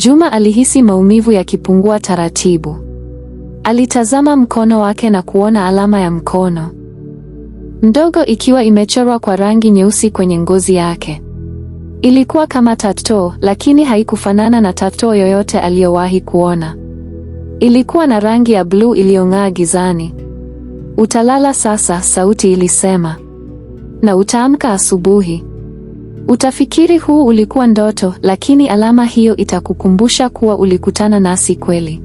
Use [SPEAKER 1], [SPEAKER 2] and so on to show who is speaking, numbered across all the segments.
[SPEAKER 1] Juma alihisi maumivu yakipungua taratibu. Alitazama mkono wake na kuona alama ya mkono ndogo ikiwa imechorwa kwa rangi nyeusi kwenye ngozi yake. Ilikuwa kama tato, lakini haikufanana na tato yoyote aliyowahi kuona. Ilikuwa na rangi ya bluu iliyong'aa gizani. Utalala sasa, sauti ilisema, na utaamka asubuhi. Utafikiri huu ulikuwa ndoto, lakini alama hiyo itakukumbusha kuwa ulikutana nasi kweli.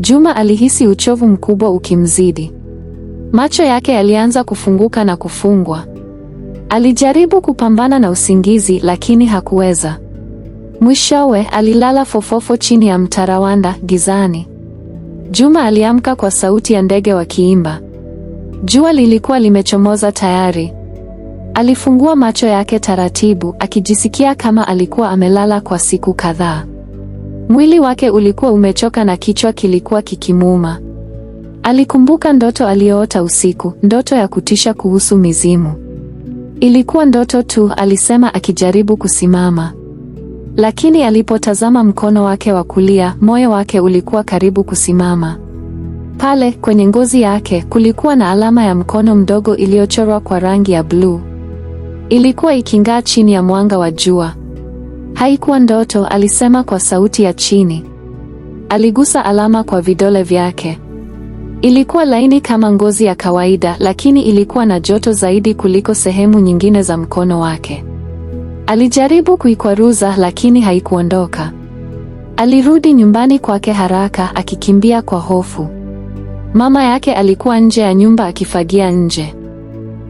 [SPEAKER 1] Juma alihisi uchovu mkubwa ukimzidi. Macho yake yalianza kufunguka na kufungwa. Alijaribu kupambana na usingizi lakini hakuweza. Mwishowe alilala fofofo chini ya mtarawanda gizani. Juma aliamka kwa sauti ya ndege wakiimba. Jua lilikuwa limechomoza tayari. Alifungua macho yake taratibu, akijisikia kama alikuwa amelala kwa siku kadhaa. Mwili wake ulikuwa umechoka na kichwa kilikuwa kikimuuma. Alikumbuka ndoto aliyoota usiku, ndoto ya kutisha kuhusu mizimu. Ilikuwa ndoto tu, alisema akijaribu kusimama. Lakini alipotazama mkono wake wa kulia, moyo wake ulikuwa karibu kusimama. Pale kwenye ngozi yake kulikuwa na alama ya mkono mdogo iliyochorwa kwa rangi ya bluu. Ilikuwa iking'aa chini ya mwanga wa jua. Haikuwa ndoto, alisema kwa sauti ya chini. Aligusa alama kwa vidole vyake. Ilikuwa laini kama ngozi ya kawaida, lakini ilikuwa na joto zaidi kuliko sehemu nyingine za mkono wake. Alijaribu kuikwaruza, lakini haikuondoka. Alirudi nyumbani kwake haraka, akikimbia kwa hofu. Mama yake alikuwa nje ya nyumba akifagia nje.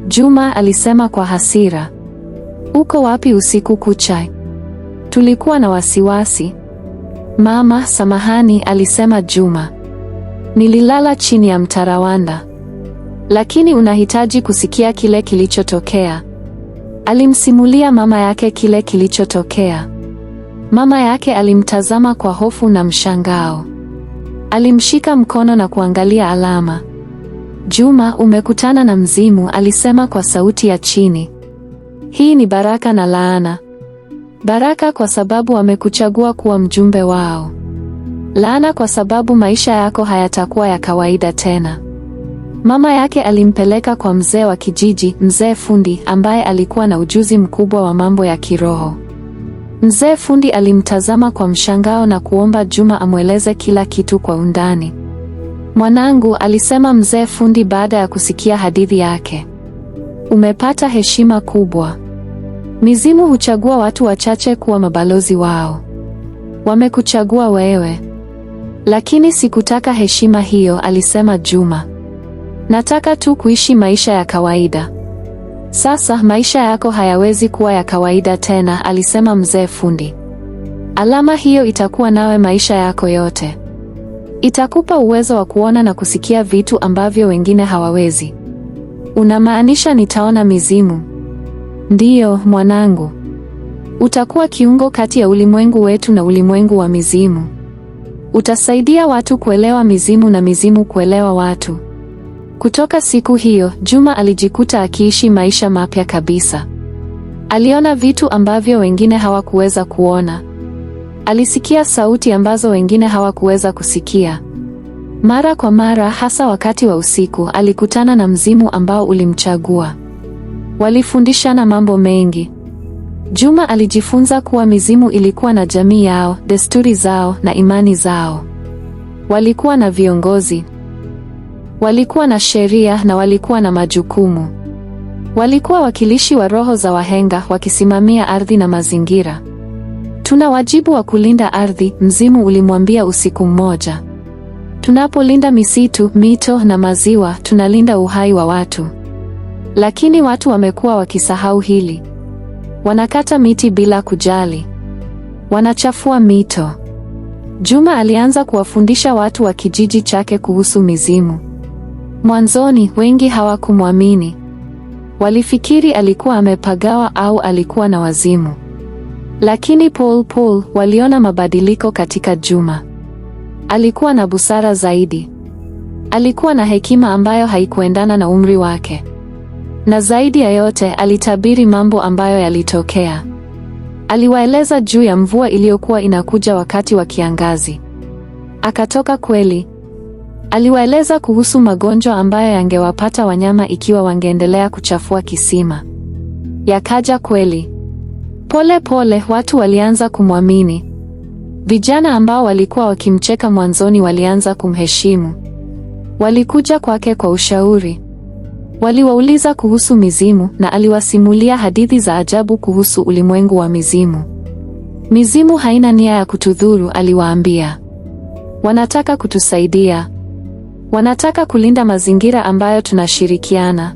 [SPEAKER 1] Juma alisema kwa hasira. Uko wapi usiku kucha? Tulikuwa na wasiwasi. Mama, samahani, alisema Juma. Nililala chini ya mtarawanda. Lakini unahitaji kusikia kile kilichotokea. Alimsimulia mama yake kile kilichotokea. Mama yake alimtazama kwa hofu na mshangao. Alimshika mkono na kuangalia alama. Juma, umekutana na mzimu, alisema kwa sauti ya chini. Hii ni baraka na laana. Baraka kwa sababu wamekuchagua kuwa mjumbe wao. Laana kwa sababu maisha yako hayatakuwa ya kawaida tena. Mama yake alimpeleka kwa mzee wa kijiji, mzee Fundi, ambaye alikuwa na ujuzi mkubwa wa mambo ya kiroho. Mzee Fundi alimtazama kwa mshangao na kuomba Juma amweleze kila kitu kwa undani. Mwanangu, alisema mzee fundi baada ya kusikia hadithi yake, umepata heshima kubwa. Mizimu huchagua watu wachache kuwa mabalozi wao. Wamekuchagua wewe, lakini sikutaka heshima hiyo, alisema Juma. Nataka tu kuishi maisha ya kawaida. Sasa maisha yako hayawezi kuwa ya kawaida tena, alisema mzee fundi. Alama hiyo itakuwa nawe maisha yako yote. Itakupa uwezo wa kuona na kusikia vitu ambavyo wengine hawawezi. Unamaanisha nitaona mizimu? Ndiyo, mwanangu. Utakuwa kiungo kati ya ulimwengu wetu na ulimwengu wa mizimu. Utasaidia watu kuelewa mizimu na mizimu kuelewa watu. Kutoka siku hiyo, Juma alijikuta akiishi maisha mapya kabisa. Aliona vitu ambavyo wengine hawakuweza kuona. Alisikia sauti ambazo wengine hawakuweza kusikia. Mara kwa mara, hasa wakati wa usiku, alikutana na mzimu ambao ulimchagua. Walifundishana mambo mengi. Juma alijifunza kuwa mizimu ilikuwa na jamii yao, desturi zao na imani zao. Walikuwa na viongozi, walikuwa na sheria na walikuwa na majukumu. Walikuwa wakilishi wa roho za wahenga wakisimamia ardhi na mazingira. Tuna wajibu wa kulinda ardhi, mzimu ulimwambia usiku mmoja. Tunapolinda misitu, mito na maziwa, tunalinda uhai wa watu. Lakini watu wamekuwa wakisahau hili. Wanakata miti bila kujali. Wanachafua mito. Juma alianza kuwafundisha watu wa kijiji chake kuhusu mizimu. Mwanzoni wengi hawakumwamini. Walifikiri alikuwa amepagawa au alikuwa na wazimu. Lakini Paul Paul waliona mabadiliko katika Juma. Alikuwa na busara zaidi. Alikuwa na hekima ambayo haikuendana na umri wake. Na zaidi ya yote alitabiri mambo ambayo yalitokea. Aliwaeleza juu ya mvua iliyokuwa inakuja wakati wa kiangazi. Akatoka kweli. Aliwaeleza kuhusu magonjwa ambayo yangewapata wanyama ikiwa wangeendelea kuchafua kisima. Yakaja kweli. Pole pole watu walianza kumwamini. Vijana ambao walikuwa wakimcheka mwanzoni walianza kumheshimu. Walikuja kwake kwa ushauri. Waliwauliza kuhusu mizimu na aliwasimulia hadithi za ajabu kuhusu ulimwengu wa mizimu. Mizimu haina nia ya kutudhuru, aliwaambia. Wanataka kutusaidia. Wanataka kulinda mazingira ambayo tunashirikiana.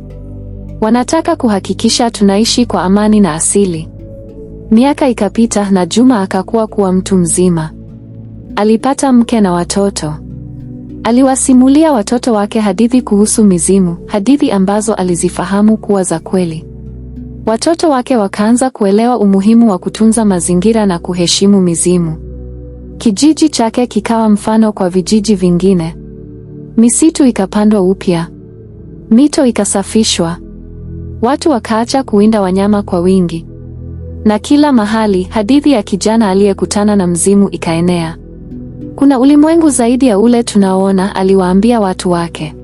[SPEAKER 1] Wanataka kuhakikisha tunaishi kwa amani na asili. Miaka ikapita na Juma akakuwa kuwa mtu mzima. Alipata mke na watoto. Aliwasimulia watoto wake hadithi kuhusu mizimu, hadithi ambazo alizifahamu kuwa za kweli. Watoto wake wakaanza kuelewa umuhimu wa kutunza mazingira na kuheshimu mizimu. Kijiji chake kikawa mfano kwa vijiji vingine. Misitu ikapandwa upya. Mito ikasafishwa. Watu wakaacha kuwinda wanyama kwa wingi. Na kila mahali hadithi ya kijana aliyekutana na mzimu ikaenea. Kuna ulimwengu zaidi ya ule tunaoona, aliwaambia watu wake.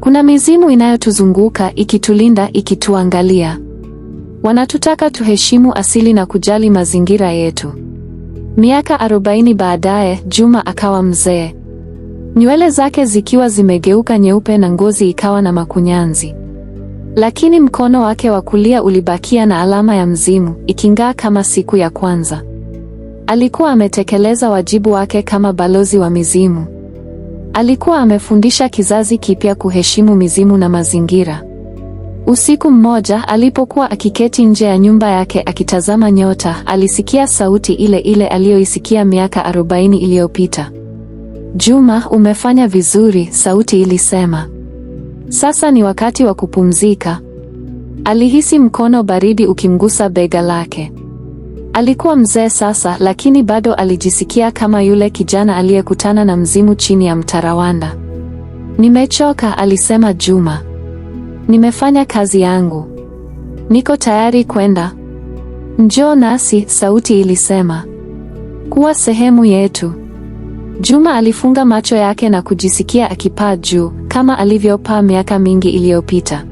[SPEAKER 1] Kuna mizimu inayotuzunguka ikitulinda, ikituangalia. Wanatutaka tuheshimu asili na kujali mazingira yetu. Miaka arobaini baadaye, Juma akawa mzee, nywele zake zikiwa zimegeuka nyeupe na ngozi ikawa na makunyanzi lakini mkono wake wa kulia ulibakia na alama ya mzimu iking'aa kama siku ya kwanza. Alikuwa ametekeleza wajibu wake kama balozi wa mizimu. Alikuwa amefundisha kizazi kipya kuheshimu mizimu na mazingira. Usiku mmoja alipokuwa akiketi nje ya nyumba yake akitazama nyota, alisikia sauti ile ile aliyoisikia miaka arobaini iliyopita. Juma, umefanya vizuri, sauti ilisema. Sasa ni wakati wa kupumzika. Alihisi mkono baridi ukimgusa bega lake. Alikuwa mzee sasa, lakini bado alijisikia kama yule kijana aliyekutana na mzimu chini ya mtarawanda. Nimechoka, alisema Juma. Nimefanya kazi yangu, niko tayari kwenda. Njoo nasi, sauti ilisema, kuwa sehemu yetu. Juma alifunga macho yake na kujisikia akipaa juu kama alivyopaa miaka mingi iliyopita.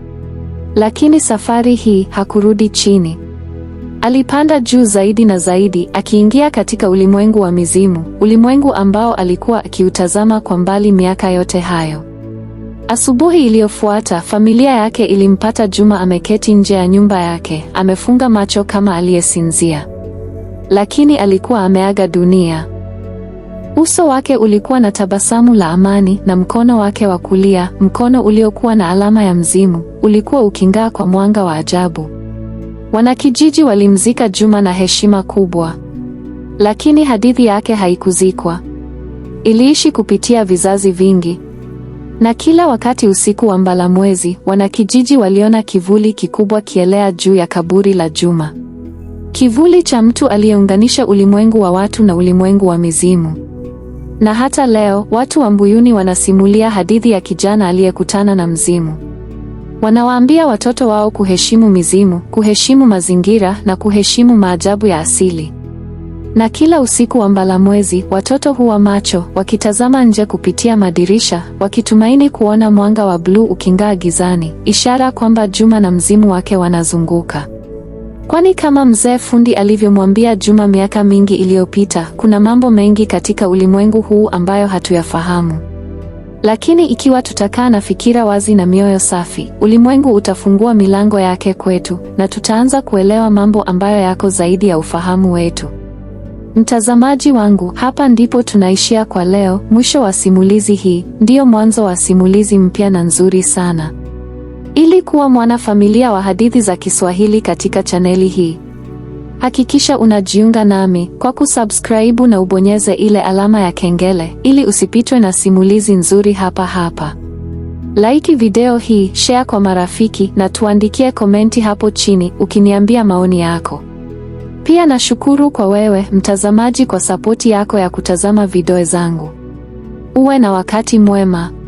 [SPEAKER 1] Lakini safari hii hakurudi chini. Alipanda juu zaidi na zaidi, akiingia katika ulimwengu wa mizimu, ulimwengu ambao alikuwa akiutazama kwa mbali miaka yote hayo. Asubuhi iliyofuata, familia yake ilimpata Juma ameketi nje ya nyumba yake, amefunga macho kama aliyesinzia. Lakini alikuwa ameaga dunia. Uso wake ulikuwa na tabasamu la amani na mkono wake wa kulia, mkono uliokuwa na alama ya mzimu, ulikuwa uking'aa kwa mwanga wa ajabu. Wanakijiji walimzika Juma na heshima kubwa. Lakini hadithi yake haikuzikwa. Iliishi kupitia vizazi vingi. Na kila wakati usiku wa mbalamwezi, wanakijiji waliona kivuli kikubwa kielea juu ya kaburi la Juma. Kivuli cha mtu aliyeunganisha ulimwengu wa watu na ulimwengu wa mizimu. Na hata leo watu wa Mbuyuni wanasimulia hadithi ya kijana aliyekutana na mzimu. Wanawaambia watoto wao kuheshimu mizimu, kuheshimu mazingira na kuheshimu maajabu ya asili. Na kila usiku wa mbalamwezi watoto huwa macho, wakitazama nje kupitia madirisha, wakitumaini kuona mwanga wa bluu uking'aa gizani, ishara kwamba Juma na mzimu wake wanazunguka. Kwani kama mzee fundi alivyomwambia Juma miaka mingi iliyopita, kuna mambo mengi katika ulimwengu huu ambayo hatuyafahamu. Lakini ikiwa tutakaa na fikira wazi na mioyo safi, ulimwengu utafungua milango yake kwetu na tutaanza kuelewa mambo ambayo yako zaidi ya ufahamu wetu. Mtazamaji wangu, hapa ndipo tunaishia kwa leo. Mwisho wa simulizi hii ndiyo mwanzo wa simulizi mpya na nzuri sana. Ili kuwa mwanafamilia wa hadithi za Kiswahili katika chaneli hii, hakikisha unajiunga nami kwa kusubscribe na ubonyeze ile alama ya kengele ili usipitwe na simulizi nzuri hapa hapa. Like video hii, share kwa marafiki na tuandikie komenti hapo chini ukiniambia maoni yako. Pia nashukuru kwa wewe mtazamaji kwa sapoti yako ya kutazama video zangu. Uwe na wakati mwema.